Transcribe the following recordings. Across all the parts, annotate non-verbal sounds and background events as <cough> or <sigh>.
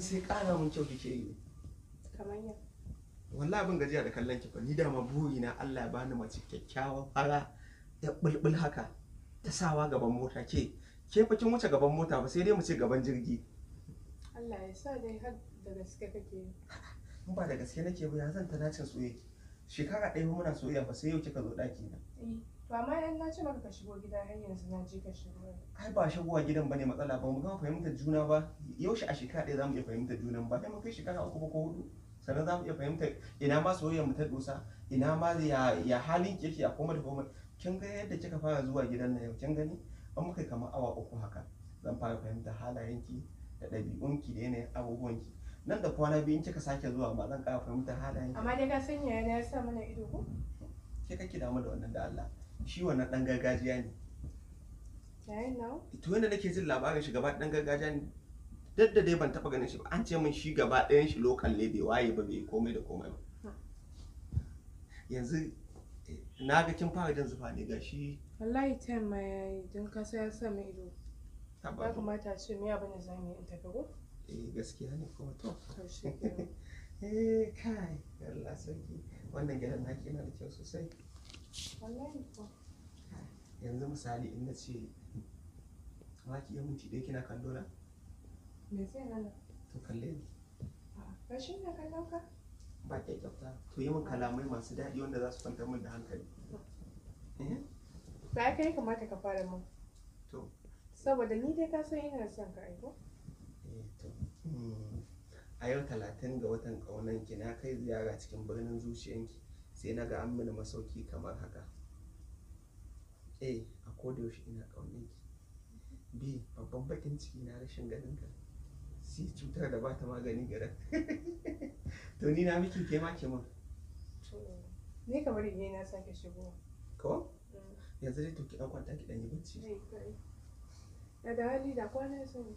sai ƙara mun kyau kike yi kamar ya wallahi abin gajiya da kallon ki fa ni dama maburi na Allah ya bani mace kyakkyawa fara da bulbul haka ta sawa gaban mota ke ke fa kin wuce gaban mota ba sai dai mu ce gaban jirgi Allah ya sa dai har da gaske kake ba da gaske nake ba ya zan ta dacin soyayya shekara ɗaya muna soyayya ba sai yau kika zo ɗaki na eh, to amma idan na ce maka ka shigo gida har yanzu na ji ka shigo ai ba shigowa gidan bane matsala ba mu gama fahimtar juna ba yaushe a shekara ɗaya zamu iya fahimtar junan ba sai mun kai shekara uku ko hudu sannan zamu iya fahimtar ina ma soyayya mu ta dosa ina ma ya ya halin ki yake a koma da koma kin ga yadda kika fara zuwa gidan nan yau kin gani an muka kamar awa uku haka zan fara fahimtar halayenki da ɗabi'un ki da yanayin ki. nan da kwana biyu in kika sake zuwa ba zan kara fahimta halayen amma dai ka san ne ya sa mana ido ko ke kake damu da wannan da Allah shi wannan dan gargajiya ne yayin nawa to yanda nake jin labarin shi gaba dan gargajiya ne duk da dai ban taba ganin shi ba an ce min shi gaba ɗayan shi lokal ne bai waye ba bai komai da komai ba yanzu na ga kin fara jin zufa ne ga shi wallahi tayin ma yayi don kasa ya sa mai ido ba kamata a ce me abin da zan yi in tafi ko eh gaskiya ne kuma to <laughs> eh kai Allah sauki wannan gidan naki yana da kyau sosai yanzu misali in na ce ma ki minti ɗaya kina kallo na me zai hana to kalle ni rashin da ka dauka ba ke kyauta to yi min kalamai masu daɗi wanda za su kwantar min da hankali ba eh? kai kamata ka fara min to saboda ni dai ka san ina son ka aiko Hmm, a yau talatin ga watan ƙaunanki na kai ziyara cikin birnin zuciyanki sai na ga an mini masauki kamar haka a a kodayaushe ina ƙaunanki b babban bakin ciki na rashin ganin ka c cutar da ba ta magani gara <laughs> to ni na miki ke ma ke mun ne kamar yi na sake shigo ko mm. yanzu dai to ki ɗan kwanta ki ɗan yi bacci da da hali da kwana sun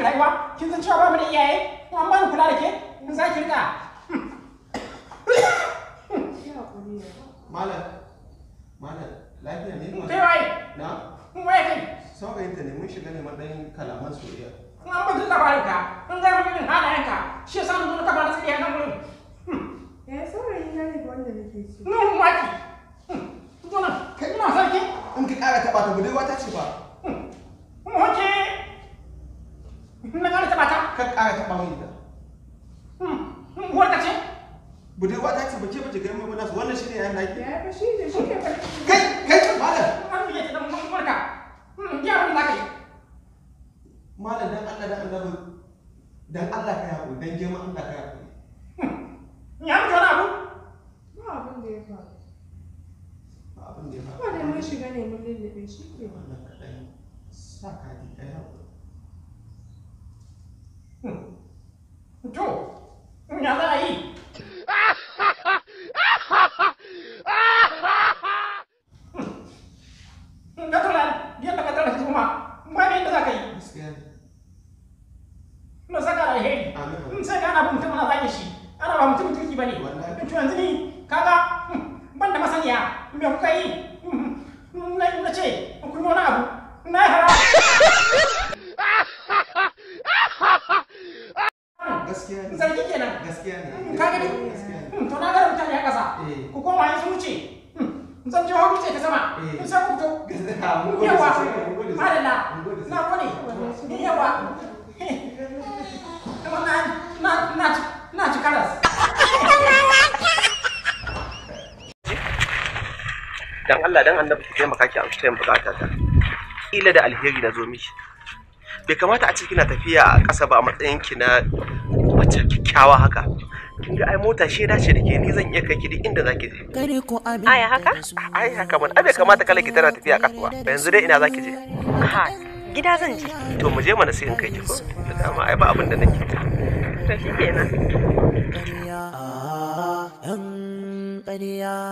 miki rayuwa kin san cewa ba mu da iyaye ko an bani kula da ke in za ki rika malam malam lafiya ne kai wai na mun kai ta ne mun shiga ne matsayin kalaman soyayya an batun labarin ka in ga mutum halayen ka shi yasa mun zo ka ba da nan gurin ya saurayi na ne wanda nake so nan maki zo kai ina sarki in ka kara taba ta budurwa ta ce ba kar kara taɓa mun da hmm mun hmm, wanda ce budurwa ta ce bace bace garin mai nasu wannan shine yayin da ake ya ba shi ne shi ke kai kai malam an hmm, yi ta mun dan hmm ya mun da kai malam dan Allah dan Allah dan Allah ka yako dan girma Allah ka hmm ya mu tana abu ba abin da ya faru ba abin da ya faru ba da mun shiga ne mun lullube shi ke wannan kadai saka ka ji ka yako gaskiya ne zargi kenan gaskiya ne hmm, ka gani hmm, to na ga mutane a ƙasa eh. ku koma yanzu wuce zan hmm, ji hagu ce ta sama eh. in sai ku fito <laughs> yawa madalla na gode yawa kuma na na na ci karas dan Allah dan annabi ki taimaka ki amshi tayin bukata ta kila da alheri na zo miki bai kamata a ce kina tafiya a ƙasa ba a matsayin ki na mace kyakkyawa haka kin ga ai mota shi da da dake ni zan iya kai ki duk inda zaki je kare ko ai haka ai haka man abe kamata kala ki tana tafiya kasuwa yanzu dai ina zaki je ha gida zan je to mu je mana sai in kai ki ko da dama ai ba abin da nake ta to shikenan ƙarya ah,